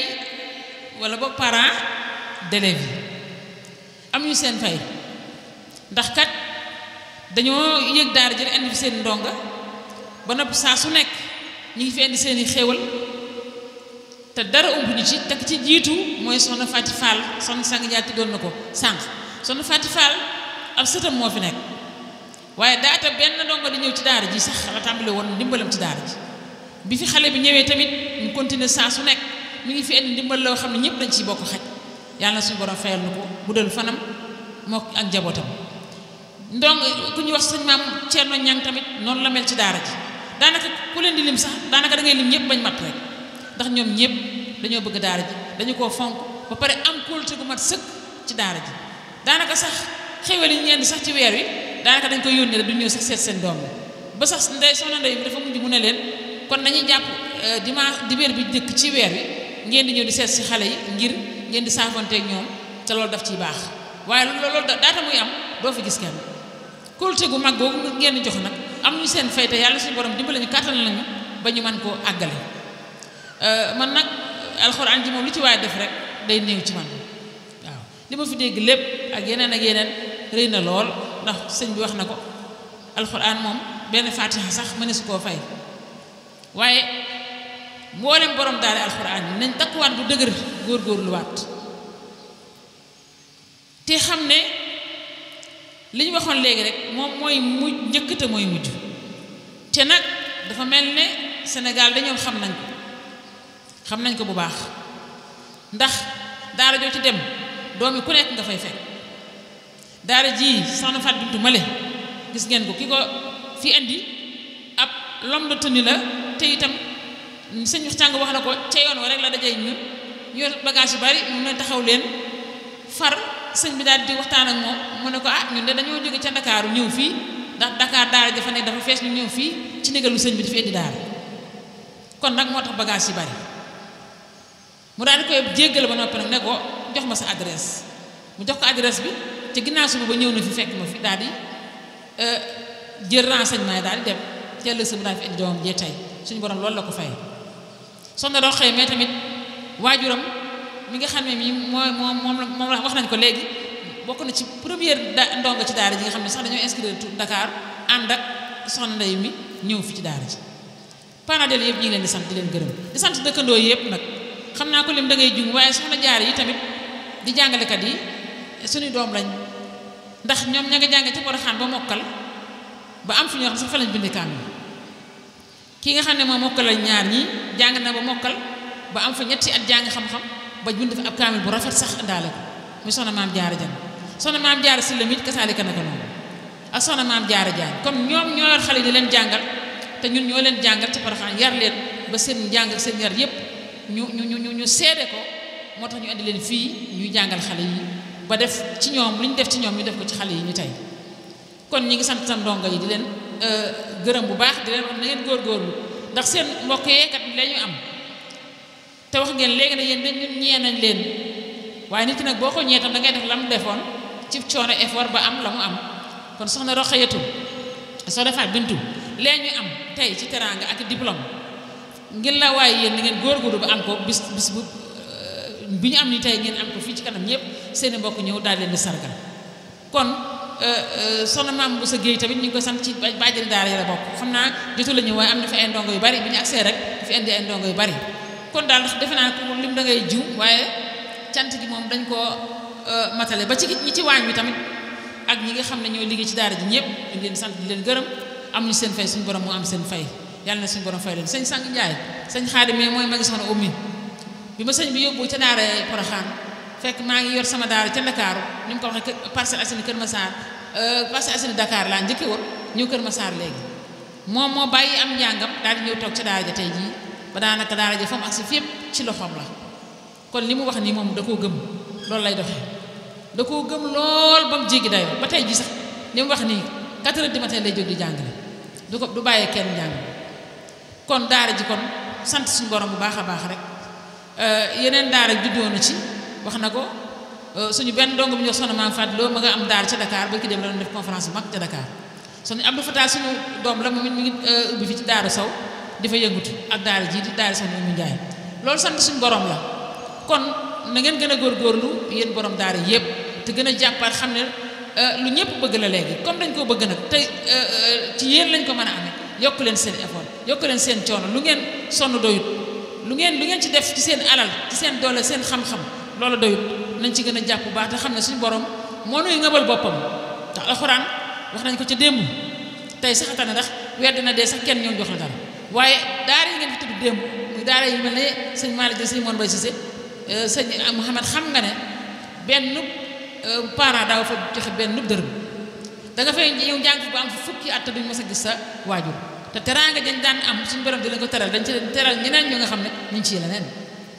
wala ba parent d'élèves yi am ñu seen fay ndax kat dañoo yëg daara ji indi seen ndonga ba nopp saa su nekk ñu ngi fi indi seeni i xéewal te dara umb ñu ci teg ci jiitu mooy soxna Faty Fall soxna sang jaa tuddoon na ko sànq soxna Faty Fall ab sëtam moo fi nekk waaye daata benn ndongo di ñëw ci daara ji sax la tàmbali woon ndimbalam ci daara ji bi fi xale bi ñëwee tamit mu continuer saa su nekk mu ngi fi indi ndimbal loo xam ne ñëpp dañ ci bokk xaj yàlla na suñu borom fayal na ko guddal fanam moo ak njabootam donc ku ñuy wax sëñ maam Thierno Niang tamit noonu la mel ci daara ji daanaka ku leen di lim sax daanaka da ngay lim ñëpp bañ mat rek ndax ñoom ñëpp dañoo bëgg daara ji dañu koo fonk ba pare am kóolute gu mat sëkk ci daara ji daanaka sax xéwal yi ñu sax ci weer wi daanaka dañ ko yónnee du ñëw sax seen doom kon nañu jàpp euh, dimanche dibéer bi dëkk ci weer wi ngeen di ñëw di seet si xale yi ngir ngeen di saafanteeg ñoom te loolu daf ciy baax waaye loolu daata muy am doo fi gis kenn kóolute gu mag boobu ngeen di nag am ñu seen fayte yàlla suñu borom dimbale ñu kàttan lañu ba ñu mën koo àggale euh, man nag alxuraan ji moom lu ci waaye def rek day néew ci man waaw li ma fi dégg lépp ak yeneen ak yeneen rëy na lool ndax sëñ bi wax na ko alxuraan moom benn faatiha sax mënees koo fay waaye mboolem borom daara alxuraan yi nañ takkuwaat bu dëgër góorgóorluwaat te xam ne li ñu waxoon léegi rek moom mooy mujj njëkk te mooy mujj te nag dafa mel ne Sénégal dañoo xam nañ ko xam nañ ko bu baax ndax daara joo ci dem doomi ku nekk nga fay fekk daara ji soxna Fatou Bintou Male gis ngeen ko ki ko fi indi ab lomb tëni la te itam sëñ Cang wax na ko ca yoon wa rek la dajee ñun ñu yor bagage yu bari mu ne taxaw leen far sëñ bi daal di waxtaan ak moom mu ne ko ah ñun de dañoo jóge ca ndakaaru ñëw fii ndax Dakar daara dafa nekk dafa fees ñu ñëw fii ci ndigalu sëñ bi dafa indi daara kon nag moo tax bagage yi bari mu daal di koy jéggal ba noppi nag ne ko jox ma sa adresse mu jox ko adresse bi ci ginnaaw suba ba ñëw na fi fekk ma fi daal di euh, jël renseignement yi daal di dem ca la sëñ bi daal tey suñu borom loolu la ko fay soxna doo xëy mais tamit waajuram mi nga xam ne mi mooy moom moom moom wax nañ ko léegi bokk na ci première ndongo ci daara ji nga xam ne sax dañoo inscrire tout Dakar ànd ak soxna ndey mi ñëw fi ci daara ji panadel yëpp ñu ngi leen di sant di leen gërëm di sant dëkkandoo yëpp nag xam naa ko lim da ngay jum waaye soxna jaar yi tamit di jàngalekat yi suñu doom lañ ndax ñoom ña nga jànge ci Porokhane ba mokkal ba am fi ñoo xam sax fa kii nga xam ne moom mokkal ñaar ñi jàng na ba mokkal ba am fa ñetti at jàng xam-xam ba bind fa ab kaamil bu rafet sax indaale ko muy soxna maam jaara jàng jaar maam jaara si lamit kasaalika naka noonu ak soxna maam jaara jàng comme ñoom ñoo yor xale di leen jàngal te ñun ñoo leen jàngal ci Porokhane yar leen ba seen jàng seen yar yépp ñu ñu ñu ñu seede ko moo tax ñu di leen fii ñuy jàngal xale yi ba def ci ñoom lu def ci ñoom ñu def ko ci xale yi ñu tey kon ñu ngi sant sam ndongo yi di leen Euh, gërëm bu baax di leen wax na ngeen góorgóorlu ndax seen mbokk yeekat la ñu am te wax ngeen léegi ne yéen ñun ñeenañ leen waaye nit ki nag boo ko ñee tam da ngay def la mu defoon ci coono effort ba am la mu am kon soxna Roqayatu soo defaat bintu lee ñu am tey ci teraanga ak diplôme ngeen la waaye yéen da ngeen góor góorgóorlu ba am ko bis bis bu euh, bi ñu am ni tey ngeen am ko fii ci kanam ñëpp seen i mbokk ñëw daal leen di sargal kon Euh, euh, soxna maam bu sa géey tamit ñu ngi sant ci bàjjen daara yi la bokk xam naa jotu la ñu waaye am na fi ay ndongo yu bari bi ñu agsee rek fi ay ndongo yu bari kon daal defe naa ko lim da ngay jiw waaye cant gi moom dañ koo euh, matale ba ci ñi ci waañ wi tamit ak ñi nga xam ne ñooy liggéey ci daara ji ñëpp ñu leen sant di leen gërëm am ñu seen fay suñu borom moo am seen fay yàlla na suñu borom fay leen sëñ Sang Njaay sëñ Xaadim mooy magi soxna Oumy bi ma sëñ bi yóbbu ca daara fekk maa ngi yor sama daara ca Ndakaaru ni mu ko waxee Parcelles Assainies Kër Massar euh, Parcelles Assainies dakaar laa njëkkee woon ñëw Kër Massar léegi moom moo bàyyi am njàngam daal di ñëw toog ca daara ja tey jii ba daanaka daara ja fa mu ci loxoom kon li mu wax nii moom da koo loolu lay doxee da koo gëm ba mu jéggi ba tey jii sax wax nii 4 heures du lay jóg di jàngale du ko du bàyyee kenn njàng kon daara ji kon sant suñu borom bu baax a baax rek euh, yeneen daara juddoonu ci wax na ko euh, suñu benn dongo bu ñu wax soxna maam Fadlo ma nga am daar ca Dakar ba ki dem la doon def conférence bu mag ca Dakar suñu Abdou Fatah suñu doom la moom it mi ngi euh, ubbi fi ci daaru saw di fa yëngutu ak daara di daara saw moom mu njaay loolu sant suñu boroom la kon na ngeen gën a góor góorgóorlu yéen borom daara yëpp te gën a jàppaat xam ne euh, lu ñëpp bëgg la léegi comme dañ ko bëgg nag te ci yéen lañ ko mën a amee yokk leen seen effort yokk leen seen coono lu ngeen sonn doyut lu ngeen lu ngeen ci def ci seen alal ci seen doole seen xam loolu doyut nañ ci gën a jàpp baax te xam ne suñu borom moo nuy ngëbal boppam ndax alxuraan wax nañ ko ca démb tey sax tane ndax weer dina dee sax kenn ñoom jox la dara waaye daara yi ngeen fi tudd démb muy daara yu mel ne sëñ Malick Dia sëñ Mor Mbaye Cissé euh, sëñ Mouhamed xam nga ne benn euh, parent daaw fa joxe benn dërëm da nga fay ñëw jàng ba am fa fukki at duñ mës a gis sa waajur te teraanga dañ daan am suñu borom dina ko teral dañ ci teral ñeneen ñu xam ne ñu ngi ciy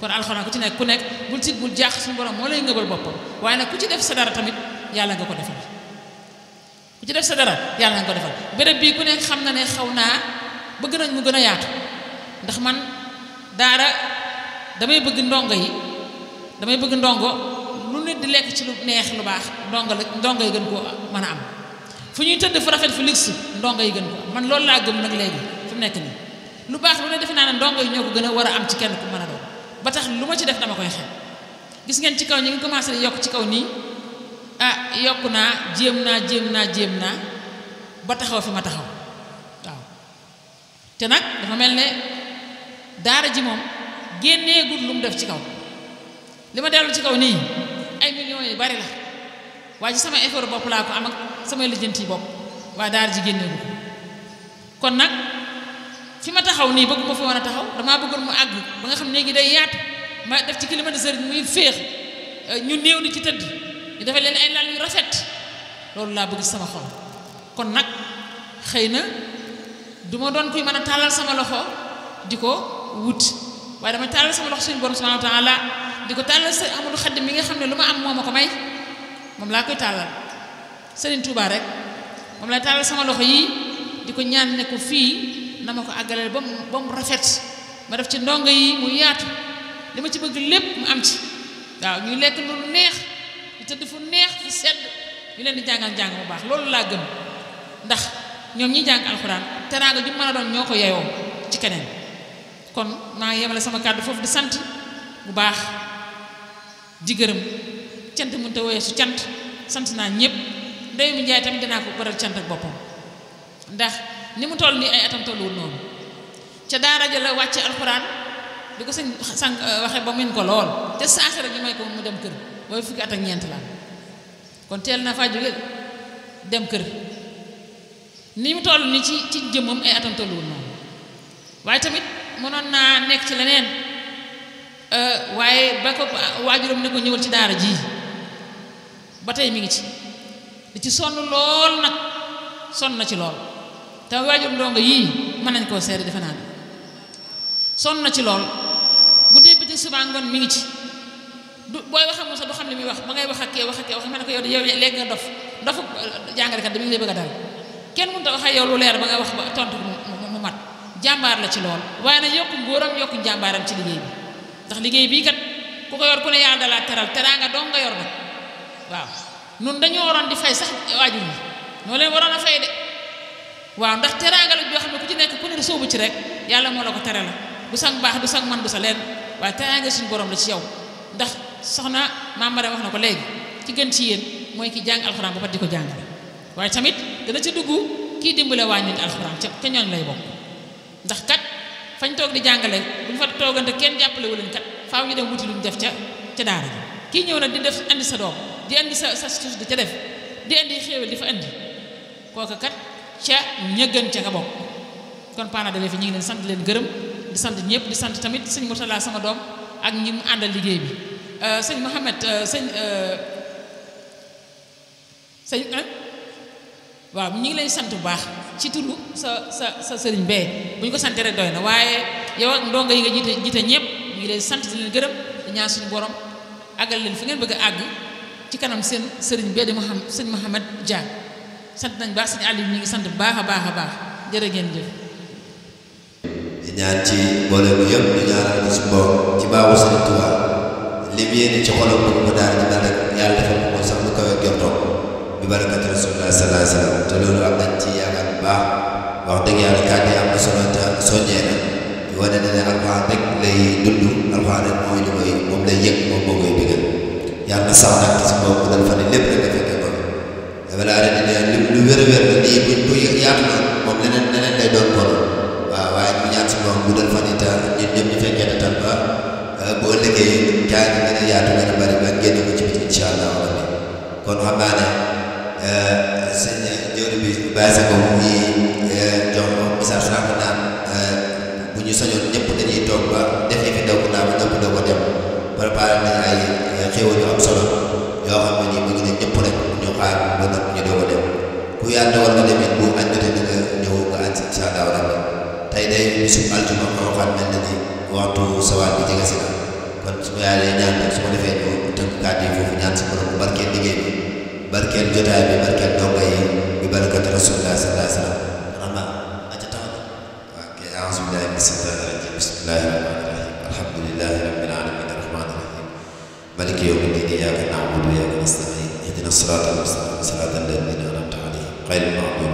kon alxuraan ku ci nekk ku nekk bul tiit bul jaax suñu borom moo lay ngëbal boppam waaye nag ku ci def sa dara tamit yàlla nga ko defal ku ci def sa dara yàlla nga ko defal béréb bii ku nekk xam na ne xaw naa bëgg nañ mu gën a yaatu ndax man daara damay bëgg ndongo yi damay bëgg ndongo lu nit di lekk ci lu neex lu baax ndongo la ndongo yi gën koo mën a am fu ñuy tëdd fu rafet fu luxe ndongo yi gën ko man loolu laa gëm nag léegi fi nekk nii lu baax lu ne defe naa ne ndongo yi ñoo ko gën a war a am ci kenn ku mën ba tax lu ma ci def dama koy xel gis ngeen ci kaw ñu ngi commencé yokk ci kaw nii ah yokk naa jéem naa jéem naa jéem naa ba taxaw fi ma taxaw waaw te nag dafa mel ne daara ji moom génnee gudd lu mu def ci kaw li ma dellu ci kaw nii ay millions yu bari la waaye ci sama effort bopp laa ko am ak samay lijjanti yi bopp waaye daara ji génnee gudd kon nag fi ma taxaw nii bëgg ma fa a taxaw damaa bëggoon mu àgg ba nga xam léegi day yaatu ma def ci climatiseur bi muy féex euh, ñu néew ni ci tëdd ñu defal leen ay lal yu rafet loolu laa bëgg sama xol kon nag xëy na du ma doon kuy man a tàllal sama loxo di ko wut waaye dama tàllal sama loxo suñu borom di ko tàllal sëñ Amadou mi nga xam ne lu am moo ko may moom laa rek moom laa tàllal sama loxo yi di ko ñaan ne ko fii na ma ko àggaleel ba mu ba mu rafet ma def ci ndongo yi mu yaatu li ma ci bëgg lépp mu am ci waaw ñuy lekk lu neex di tëdd fu neex fu sedd ñu leen di jàngal jàng bu baax loolu laa gëm ndax ñoom ñi jàng alxuraan teraanga ju mën doon ñoo ko yeyoo ci keneen kon maa yemale sama kàddu foofu di sant bu baax di gërëm cant mënut a woyee su cant sant naa ñëpp ndey mi njaay tamit dinaa ko baral cant ak boppam ndax ni mu toll nii ay atam tolluwul noonu ca daara ja la wàcce alxuraan bi ko sëñ sànq euh, waxee ba min ko lool te saasara ñu may ko mu dem kër booy fukki at ñeent la kon teel na faa jóge dem kër ni mu toll ni ci ci jëmmam ay atam tolluwul noonu waaye tamit mënoon naa nekk ci leneen euh, waaye ba ko waajuram ne ko ñëwal ci daara ji ba tey mi ngi ci di ci sonn lool nag sonn na ci lool te waajur ndongo yii mën nañ koo seere defe naa sonn na ci lool bu dee bëccëg suba ngoon mi ngi ci du booy wax ak moom xam ne muy wax ba ngay wax ak kee wax ak kee wax ma ne ko yow yow léegi nga dof dofu euh, jàngalekat dama ngi a dal kenn mënut a wax yow leer ba ngay wax ba tontu mu mat jàmbaar la ci lool waaye nag yokku ngóoram yokku jàmbaaram ci liggéey bi ndax liggéey bii kat ku ko yor ku ne yàlla dalaa teral teraanga doom nga yor nag waaw nun dañoo waroon di fay sax waajur ñoo leen waroon a waaw ndax teraanga la joo xam ne ku ci nekk ku ne sóobu ci rek yàlla moo la ko tere la du sang baax du sang man bu sa leen waaye teraanga suñu borom la ci yow ndax soxna maam Mariam wax na ko léegi ci gën ci yéen mooy ki jàng alxuraan ba pat di ko jàngale waaye tamit dana ci duggu kii dimbale waa nit alxuraan ca ca ñooñ lay bokk ndax kat fañ toog di jàngale buñ fa toogante kenn jàppale wu leen kat faaw ñu dem wuti luñ def ca ca daara ji kii ñëw nag di def andi sa doom di andi sa sa suuf di ca def di andi di fa andi ca ña gën ca ka bokk kon parents d'élèves fi ñu ngi leen sant leen gërëm di sant ñëpp di sant tamit sëñ Mourtala sama doom ak ñi mu liggéey bi euh, sëñ Mouhamed euh, sëñ euh, sëñ waaw ñu ngi lay sant bu baax ci sa sa sa sëriñ bee bu ñu ko sante rek doy na waaye yow ak ndongo yi nga jiite jiite ñëpp ñu ngi leen sant di leen gërëm di ñaan suñu borom àggal leen fi ngeen bëgg a àgg ci kanam seen sëriñ bee di Mouhamed sëñ Mouhamed Dia sant nañ baax sëñ Aliou ñu ngi sant bu baax a baax a baax jërë ngeen jëf di ñaan ci boole bi yëpp ñu ñaanal ko si mboom ci baaxu sëñ Tuuba li mu yéene ci xolam te loolu am nañ ci yaakaar bu baax wax dëgg yàlla kàddu yi am na solo te soññee na di wane ne ne alxuraan rek lay dund alxuraan mooy li koy moom lay yëg moom moo koy bégal yàlla na sax nag ci mboom bu dal fa ne lépp rek dafa laa leen di lu wér-wér la lii buñ bu moom leneen leneen lay doon kon waaw waaye ñu ñaan si moom bu dal fan itam euh, boo liggéey ci biti incha allah rabbi kon naa ne euh, sëñ bi bàyyi euh, ko mu ngi jox ay xéwal yu am solo yàlla war na demit bu añ jotee nga ñëw nga añ insha allah rabbi tey day bisub aljuma moo xam mel na ni waxtu sawaat bi jege si la kon su ma yàlla ñaan nag su ma defee ñu tënk kàddu yi foofu ñaan si borom bu barkeel liggéey bi barkeel jotaay bi barkeel donga yi bi barakati rasulullah sallallahu alayhi wa sallam rahma aca taxal waaw kay a'uuzu billahi mina shaytaani rajiim bismillahi rahmaani rahiim alhamdulillahi rabbil aalamiin arrahmaani rahiim maliki yawmi ddiin iyyaaka na'budu wa iyyaaka nasta'iin ihdina siraatal mustaqiim غير المغضوب